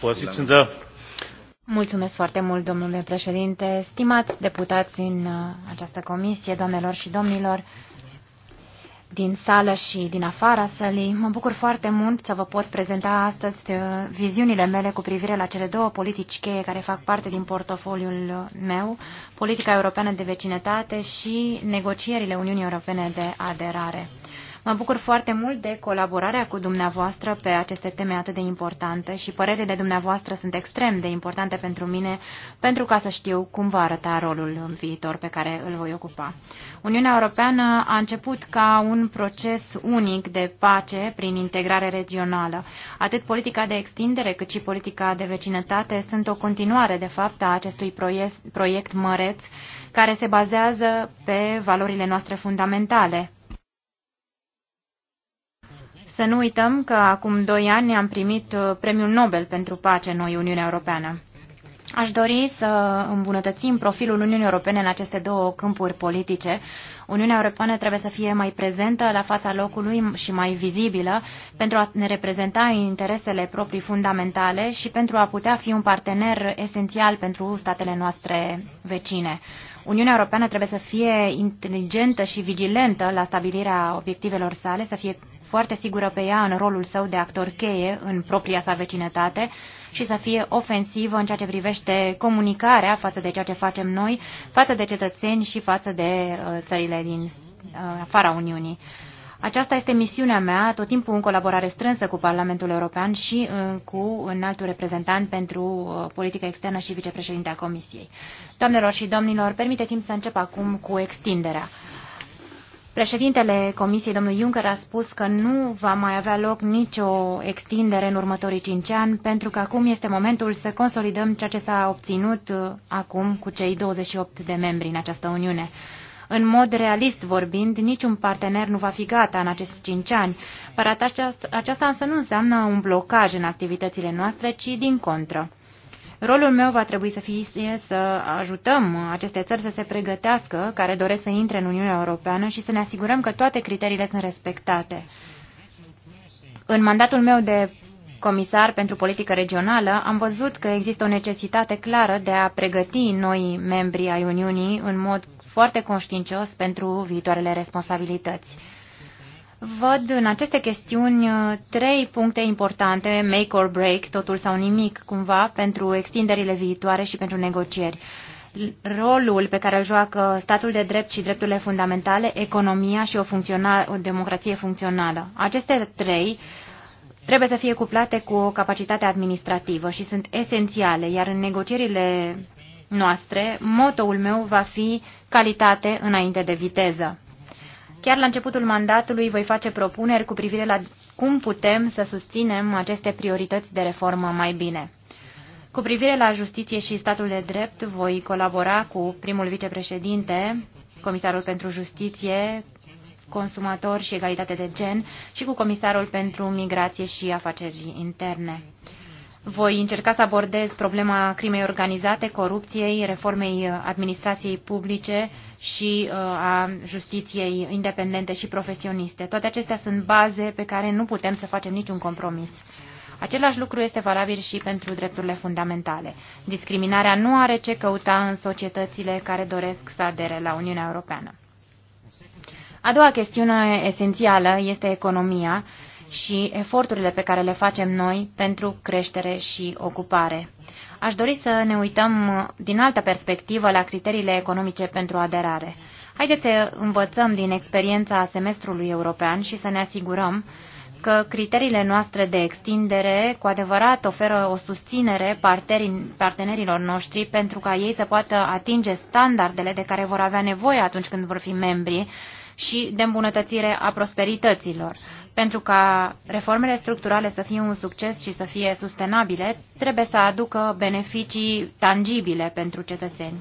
Vorsitzender. Mulțumesc foarte mult, domnule președinte. Stimați deputați în uh, această comisie, doamnelor și domnilor, din sală și din afara sălii, mă bucur foarte mult să vă pot prezenta astăzi uh, viziunile mele cu privire la cele două politici cheie care fac parte din portofoliul meu, politica europeană de vecinătate și negocierile Uniunii Europene de aderare. Mă bucur foarte mult de colaborarea cu dumneavoastră pe aceste teme atât de importante și părerile dumneavoastră sunt extrem de importante pentru mine pentru ca să știu cum va arăta rolul în viitor pe care îl voi ocupa. Uniunea Europeană a început ca un proces unic de pace prin integrare regională. Atât politica de extindere cât și politica de vecinătate sunt o continuare, de fapt, a acestui proiect, proiect măreț care se bazează pe valorile noastre fundamentale să nu uităm că acum doi ani am primit uh, premiul Nobel pentru pace noi, Uniunea Europeană. Aș dori să îmbunătățim profilul Uniunii Europene în aceste două câmpuri politice. Uniunea Europeană trebuie să fie mai prezentă la fața locului și mai vizibilă pentru a ne reprezenta interesele proprii fundamentale și pentru a putea fi un partener esențial pentru statele noastre vecine. Uniunea Europeană trebuie să fie inteligentă și vigilentă la stabilirea obiectivelor sale, să fie foarte sigură pe ea în rolul său de actor cheie în propria sa vecinătate și să fie ofensivă în ceea ce privește comunicarea față de ceea ce facem noi, față de cetățeni și față de uh, țările din uh, afara Uniunii. Aceasta este misiunea mea, tot timpul în colaborare strânsă cu Parlamentul European și uh, cu înaltul reprezentant pentru uh, politică externă și vicepreședintea Comisiei. Doamnelor și domnilor, permiteți-mi să încep acum cu extinderea. Președintele Comisiei, domnul Juncker, a spus că nu va mai avea loc nicio extindere în următorii cinci ani, pentru că acum este momentul să consolidăm ceea ce s-a obținut uh, acum cu cei 28 de membri în această Uniune. În mod realist vorbind, niciun partener nu va fi gata în acești cinci ani. Parata aceasta însă nu înseamnă un blocaj în activitățile noastre, ci din contră. Rolul meu va trebui să fie să ajutăm aceste țări să se pregătească, care doresc să intre în Uniunea Europeană și să ne asigurăm că toate criteriile sunt respectate. În mandatul meu de comisar pentru politică regională, am văzut că există o necesitate clară de a pregăti noi membri ai Uniunii în mod foarte conștiincios pentru viitoarele responsabilități. Văd în aceste chestiuni uh, trei puncte importante, make or break, totul sau nimic, cumva, pentru extinderile viitoare și pentru negocieri. Rolul pe care îl joacă statul de drept și drepturile fundamentale, economia și o, funcțional, o democrație funcțională. Aceste trei trebuie să fie cuplate cu o capacitate administrativă și sunt esențiale, iar în negocierile noastre, motoul meu va fi calitate înainte de viteză. Chiar la începutul mandatului voi face propuneri cu privire la cum putem să susținem aceste priorități de reformă mai bine. Cu privire la justiție și statul de drept, voi colabora cu primul vicepreședinte, comisarul pentru justiție, consumator și egalitate de gen și cu comisarul pentru migrație și afaceri interne. Voi încerca să abordez problema crimei organizate, corupției, reformei uh, administrației publice și uh, a justiției independente și profesioniste. Toate acestea sunt baze pe care nu putem să facem niciun compromis. Același lucru este valabil și pentru drepturile fundamentale. Discriminarea nu are ce căuta în societățile care doresc să adere la Uniunea Europeană. A doua chestiune esențială este economia și eforturile pe care le facem noi pentru creștere și ocupare. Aș dori să ne uităm din altă perspectivă la criteriile economice pentru aderare. Haideți să învățăm din experiența semestrului european și să ne asigurăm că criteriile noastre de extindere cu adevărat oferă o susținere partenerilor noștri pentru ca ei să poată atinge standardele de care vor avea nevoie atunci când vor fi membri și de îmbunătățire a prosperităților. Pentru ca reformele structurale să fie un succes și să fie sustenabile, trebuie să aducă beneficii tangibile pentru cetățeni.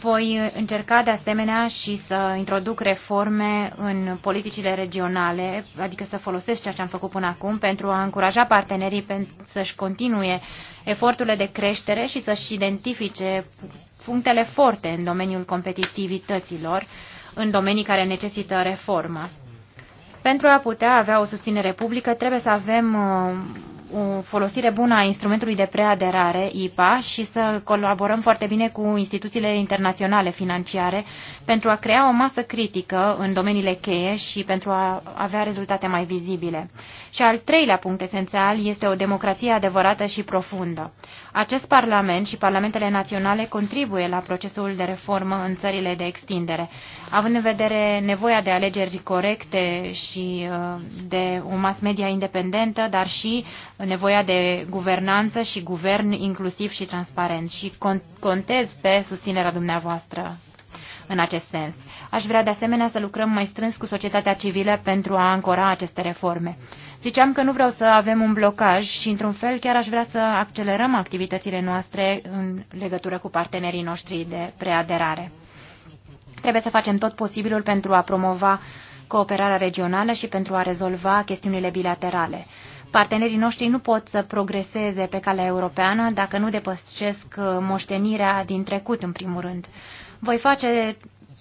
Voi încerca de asemenea și să introduc reforme în politicile regionale, adică să folosesc ceea ce am făcut până acum pentru a încuraja partenerii să-și continue eforturile de creștere și să-și identifice punctele forte în domeniul competitivităților, în domenii care necesită reformă. Pentru a putea avea o susținere publică, trebuie să avem uh, o folosire bună a instrumentului de preaderare, IPA, și să colaborăm foarte bine cu instituțiile internaționale financiare pentru a crea o masă critică în domeniile cheie și pentru a avea rezultate mai vizibile. Și al treilea punct esențial este o democrație adevărată și profundă. Acest Parlament și Parlamentele naționale contribuie la procesul de reformă în țările de extindere, având în vedere nevoia de alegeri corecte și uh, de o mass media independentă, dar și uh, nevoia de guvernanță și guvern inclusiv și transparent și contez pe susținerea dumneavoastră în acest sens. Aș vrea de asemenea să lucrăm mai strâns cu societatea civilă pentru a ancora aceste reforme. Ziceam că nu vreau să avem un blocaj și, într-un fel, chiar aș vrea să accelerăm activitățile noastre în legătură cu partenerii noștri de preaderare. Trebuie să facem tot posibilul pentru a promova cooperarea regională și pentru a rezolva chestiunile bilaterale. Partenerii noștri nu pot să progreseze pe calea europeană dacă nu depășesc uh, moștenirea din trecut, în primul rând. Voi face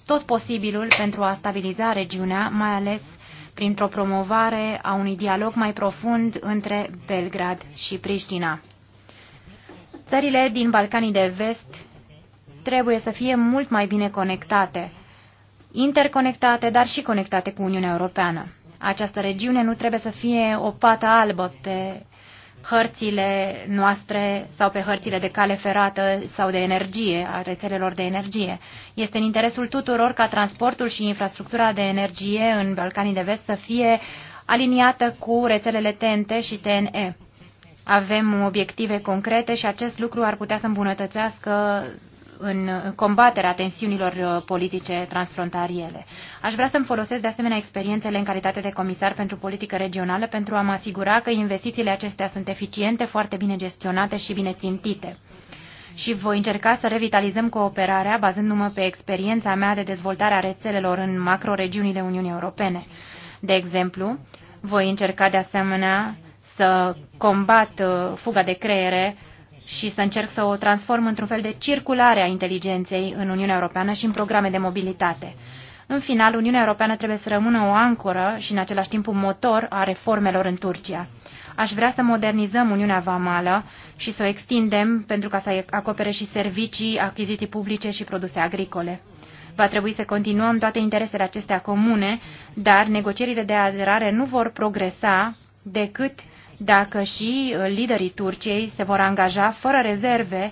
tot posibilul pentru a stabiliza regiunea, mai ales printr-o promovare a unui dialog mai profund între Belgrad și Priștina. Țările din Balcanii de Vest trebuie să fie mult mai bine conectate, interconectate, dar și conectate cu Uniunea Europeană. Această regiune nu trebuie să fie o pată albă pe hărțile noastre sau pe hărțile de cale ferată sau de energie, a rețelelor de energie. Este în interesul tuturor ca transportul și infrastructura de energie în Balcanii de Vest să fie aliniată cu rețelele TNT și TNE. Avem obiective concrete și acest lucru ar putea să îmbunătățească în combaterea tensiunilor uh, politice transfrontaliere. Aș vrea să-mi folosesc de asemenea experiențele în calitate de comisar pentru politică regională pentru a mă asigura că investițiile acestea sunt eficiente, foarte bine gestionate și bine țintite și voi încerca să revitalizăm cooperarea bazându-mă pe experiența mea de dezvoltare a rețelelor în macroregiunile Uniunii Europene. De exemplu, voi încerca de asemenea să combat uh, fuga de creiere și să încerc să o transform într-un fel de circulare a inteligenței în Uniunea Europeană și în programe de mobilitate. În final, Uniunea Europeană trebuie să rămână o ancoră și în același timp un motor a reformelor în Turcia. Aș vrea să modernizăm Uniunea Vamală și să o extindem pentru ca să acopere și servicii, achiziții publice și produse agricole. Va trebui să continuăm toate interesele acestea comune, dar negocierile de aderare nu vor progresa decât dacă și uh, liderii Turciei se vor angaja fără rezerve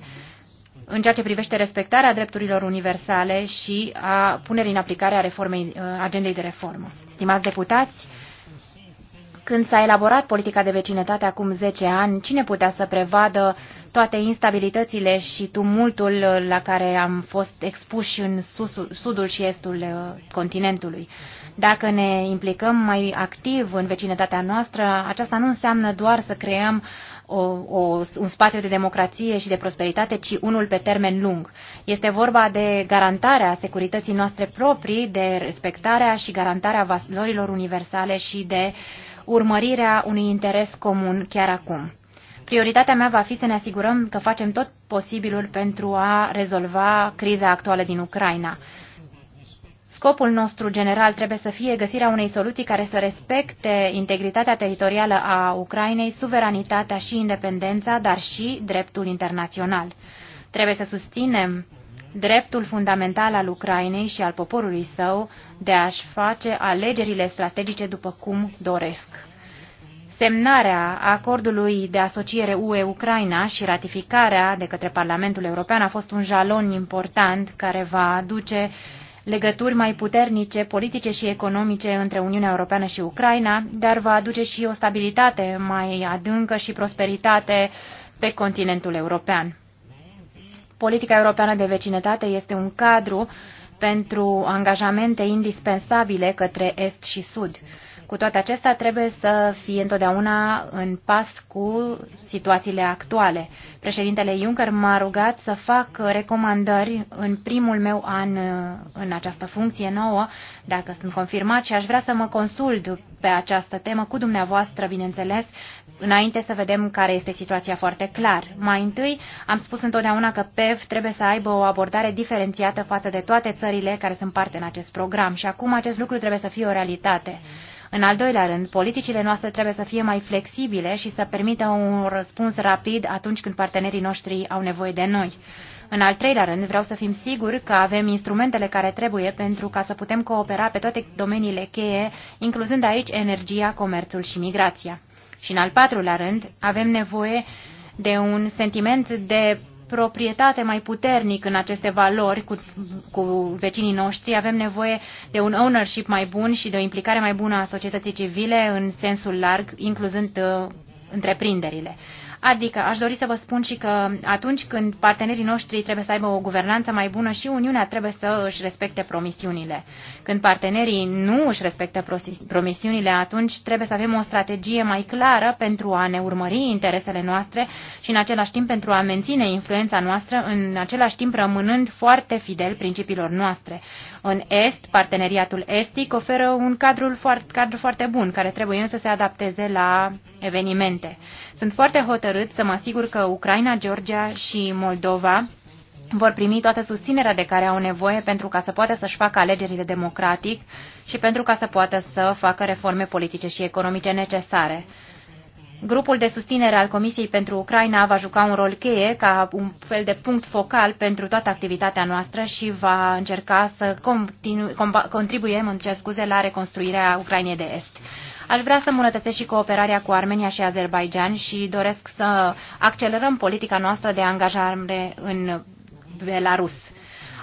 în ceea ce privește respectarea drepturilor universale și a punerii în aplicare a reformei, uh, agendei de reformă. Stimați deputați, când s-a elaborat politica de vecinătate acum 10 ani, cine putea să prevadă toate instabilitățile și tumultul la care am fost expuși în susul, sudul și estul uh, continentului? Dacă ne implicăm mai activ în vecinătatea noastră, aceasta nu înseamnă doar să creăm o, o, un spațiu de democrație și de prosperitate, ci unul pe termen lung. Este vorba de garantarea securității noastre proprii, de respectarea și garantarea valorilor universale și de uh, urmărirea unui interes comun chiar acum. Prioritatea mea va fi să ne asigurăm că facem tot posibilul pentru a rezolva criza actuală din Ucraina. Scopul nostru general trebuie să fie găsirea unei soluții care să respecte integritatea teritorială a Ucrainei, suveranitatea și independența, dar și dreptul internațional. Trebuie să susținem dreptul fundamental al Ucrainei și al poporului său de a-și face alegerile strategice după cum doresc. Semnarea acordului de asociere UE-Ucraina și ratificarea de către Parlamentul European a fost un jalon important care va aduce legături mai puternice, politice și economice între Uniunea Europeană și Ucraina, dar va aduce și o stabilitate mai adâncă și prosperitate pe continentul european. Politica europeană de vecinătate este un cadru pentru angajamente indispensabile către Est și Sud. Cu toate acestea, trebuie să fie întotdeauna în pas cu situațiile actuale. Președintele Juncker m-a rugat să fac recomandări în primul meu an uh, în această funcție nouă, dacă sunt confirmat, și aș vrea să mă consult pe această temă cu dumneavoastră, bineînțeles, înainte să vedem care este situația foarte clar. Mai întâi, am spus întotdeauna că PEV trebuie să aibă o abordare diferențiată față de toate țările care sunt parte în acest program și acum acest lucru trebuie să fie o realitate. Mm. În al doilea rând, politicile noastre trebuie să fie mai flexibile și să permită un răspuns rapid atunci când partenerii noștri au nevoie de noi. În al treilea rând, vreau să fim siguri că avem instrumentele care trebuie pentru ca să putem coopera pe toate domeniile cheie, incluzând aici energia, comerțul și migrația. Și în al patrulea rând, avem nevoie de un sentiment de proprietate mai puternic în aceste valori cu, cu vecinii noștri, avem nevoie de un ownership mai bun și de o implicare mai bună a societății civile în sensul larg, incluzând uh, întreprinderile. Adică aș dori să vă spun și că atunci când partenerii noștri trebuie să aibă o guvernanță mai bună și Uniunea trebuie să își respecte promisiunile. Când partenerii nu își respectă promisiunile, atunci trebuie să avem o strategie mai clară pentru a ne urmări interesele noastre și în același timp pentru a menține influența noastră, în același timp rămânând foarte fidel principiilor noastre. În Est, parteneriatul estic oferă un cadru foarte, cadru foarte bun, care trebuie însă să se adapteze la evenimente. Sunt foarte hotărât hotărât să mă asigur că Ucraina, Georgia și Moldova vor primi toată susținerea de care au nevoie pentru ca să poată să-și facă alegerile democratic și pentru ca să poată să facă reforme politice și economice necesare. Grupul de susținere al Comisiei pentru Ucraina va juca un rol cheie ca un fel de punct focal pentru toată activitatea noastră și va încerca să continu, contribuiem în cer scuze, la reconstruirea Ucrainei de Est. Aș vrea să îmbunătățesc și cooperarea cu Armenia și Azerbaijan și doresc să accelerăm politica noastră de angajare în Belarus.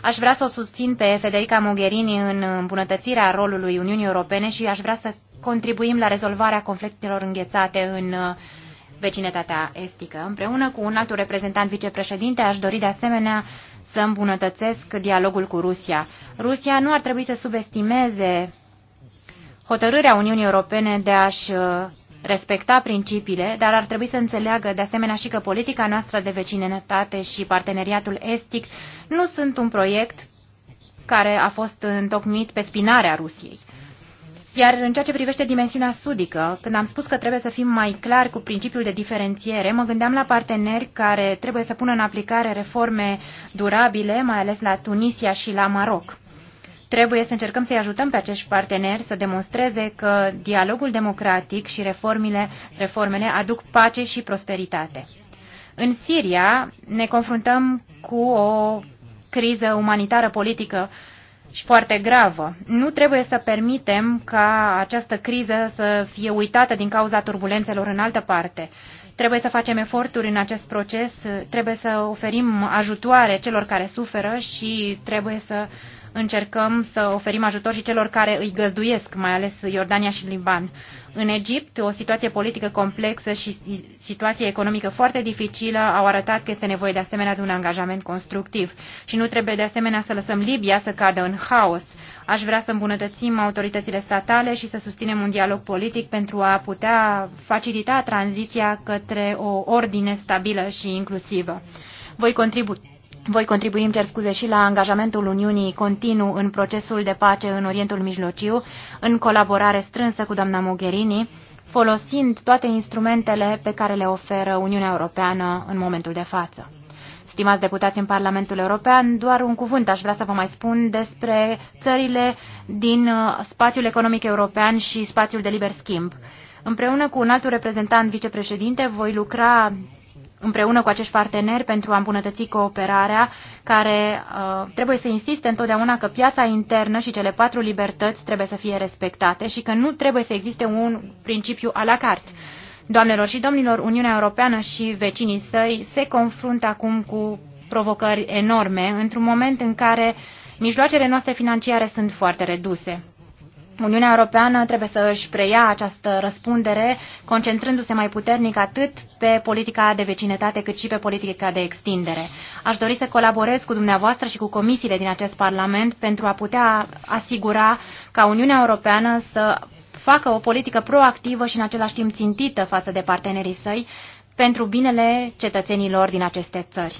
Aș vrea să o susțin pe Federica Mogherini în îmbunătățirea rolului Uniunii Europene și aș vrea să contribuim la rezolvarea conflictelor înghețate în uh, vecinătatea estică. Împreună cu un alt reprezentant vicepreședinte, aș dori de asemenea să îmbunătățesc dialogul cu Rusia. Rusia nu ar trebui să subestimeze hotărârea Uniunii Europene de a-și uh, respecta principiile, dar ar trebui să înțeleagă de asemenea și că politica noastră de vecinătate și parteneriatul estic nu sunt un proiect care a fost întocmit pe spinarea Rusiei. Iar în ceea ce privește dimensiunea sudică, când am spus că trebuie să fim mai clari cu principiul de diferențiere, mă gândeam la parteneri care trebuie să pună în aplicare reforme durabile, mai ales la Tunisia și la Maroc. Trebuie să încercăm să-i ajutăm pe acești parteneri să demonstreze că dialogul democratic și reformele, reformele aduc pace și prosperitate. În Siria ne confruntăm cu o criză umanitară politică și foarte gravă. Nu trebuie să permitem ca această criză să fie uitată din cauza turbulențelor în altă parte. Trebuie să facem eforturi în acest proces, trebuie să oferim ajutoare celor care suferă și trebuie să uh, încercăm să oferim ajutor și celor care îi găzduiesc, mai ales Iordania și Liban. În Egipt, o situație politică complexă și situație economică foarte dificilă au arătat că este nevoie de asemenea de un angajament constructiv și nu trebuie de asemenea să lăsăm Libia să cadă în haos. Aș vrea să îmbunătățim autoritățile statale și să susținem un dialog politic pentru a putea facilita tranziția către o ordine stabilă și inclusivă. Voi contribui voi contribui, îmi cer scuze, și la angajamentul Uniunii continuu în procesul de pace în Orientul Mijlociu, în colaborare strânsă cu doamna Mogherini, folosind toate instrumentele pe care le oferă Uniunea Europeană în momentul de față. Stimați deputați în Parlamentul European, doar un cuvânt aș vrea să vă mai spun despre țările din uh, spațiul economic european și spațiul de liber schimb. Împreună cu un altul reprezentant vicepreședinte voi lucra împreună cu acești parteneri pentru a îmbunătăți cooperarea, care uh, trebuie să insiste întotdeauna că piața internă și cele patru libertăți trebuie să fie respectate și că nu trebuie să existe un principiu a la carte. Doamnelor și domnilor, Uniunea Europeană și vecinii săi se confruntă acum cu provocări enorme, într-un moment în care mijloacele noastre financiare sunt foarte reduse. Uniunea Europeană trebuie să își preia această răspundere, concentrându-se mai puternic atât pe politica de vecinătate cât și pe politica de extindere. Aș dori să colaborez cu dumneavoastră și cu comisiile din acest Parlament pentru a putea asigura ca Uniunea Europeană să facă o politică proactivă și în același timp țintită față de partenerii săi pentru binele cetățenilor din aceste țări.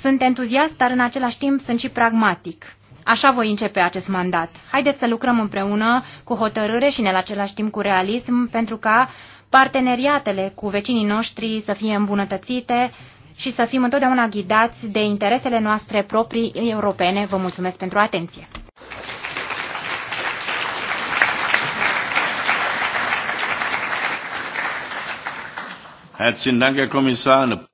Sunt entuziast, dar în același timp sunt și pragmatic. Așa voi începe acest mandat. Haideți să lucrăm împreună cu hotărâre și în același timp cu realism pentru ca parteneriatele cu vecinii noștri să fie îmbunătățite și să fim întotdeauna ghidați de interesele noastre proprii europene. Vă mulțumesc pentru atenție! Herzlichen Dank, Herr Kommissar.